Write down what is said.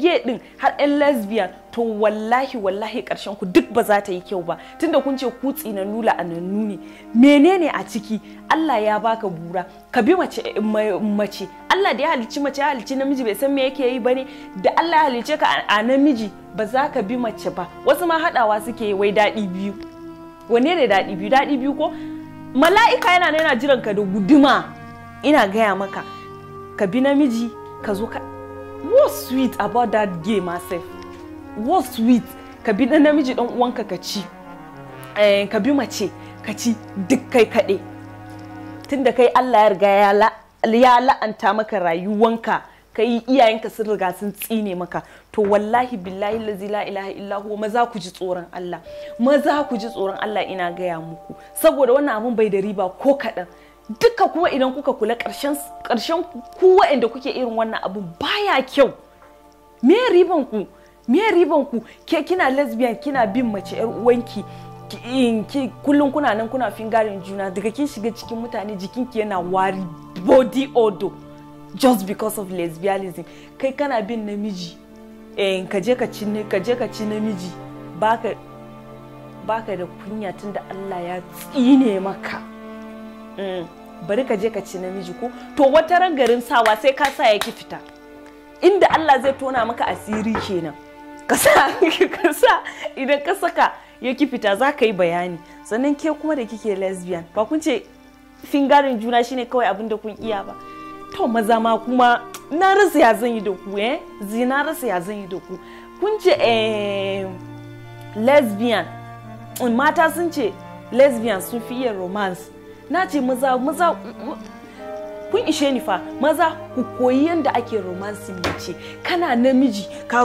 ge din har yan lesbian to wallahi wallahi karshen ku duk ba za ta yi kyau ba tunda kun ce ku a nan nuni menene a ciki Allah ya baka bura ka bi mace eh, mace Allah da ya halicci mace ya halicci namiji bai san me yake yi bane da Allah ya halicce ka a namiji ba za ka bi mace ba wasu ma hadawa suke wai dadi biyu wanne ne dadi biyu dadi biyu ko mala'ika yana yana jiran ka da guduma ina gaya maka ka bi namiji ka zo ka what's sweet about that game myself what's sweet ka bi dan namiji dan uwanka ka eh ka bi mace ka ci duk kai kade tunda kai Allah ya riga ya la'anta maka rayuwanka kai iyayenka sun riga sun tsine maka to wallahi billahi lazi la ilaha illa huwa maza ku ji tsoron Allah maza ku ji tsoron Allah ina gaya muku saboda wannan abun bai da riba ko kadan. duka kuma idan kuka kula ƙarshen ku waɗanda kuke irin wannan abu baya kyau me riban ku me riban ku ke kina lesbian kina bin mace yar uwanki kullun kuna nan kuna fingarin juna daga kin shiga cikin mutane jikinki yana wari body odor just because of lesbianism kai kana bin namiji eh, ka je ka ci namiji baka baka da kunya tunda Allah ya tsine maka Mm. bari ka je ka ci namiji ko to wata ran garin sawa sai ka sa yaki fita inda Allah zai tona maka asiri kenan ka sa ka sa idan ka saka yaki fita za ka yi bayani sannan ke kuma da kike lesbian ba kun ce fingarin juna shine kawai abin da kun iya ba to maza ma kuma na rasa ya zan yi da ku eh zina rasa ya zan yi da ku kun ce eh lesbian mata sun ce lesbian sun fi iya romance na ce maza maza kun ishe ni fa maza ku koyi yadda ake romancing mace kana namiji ka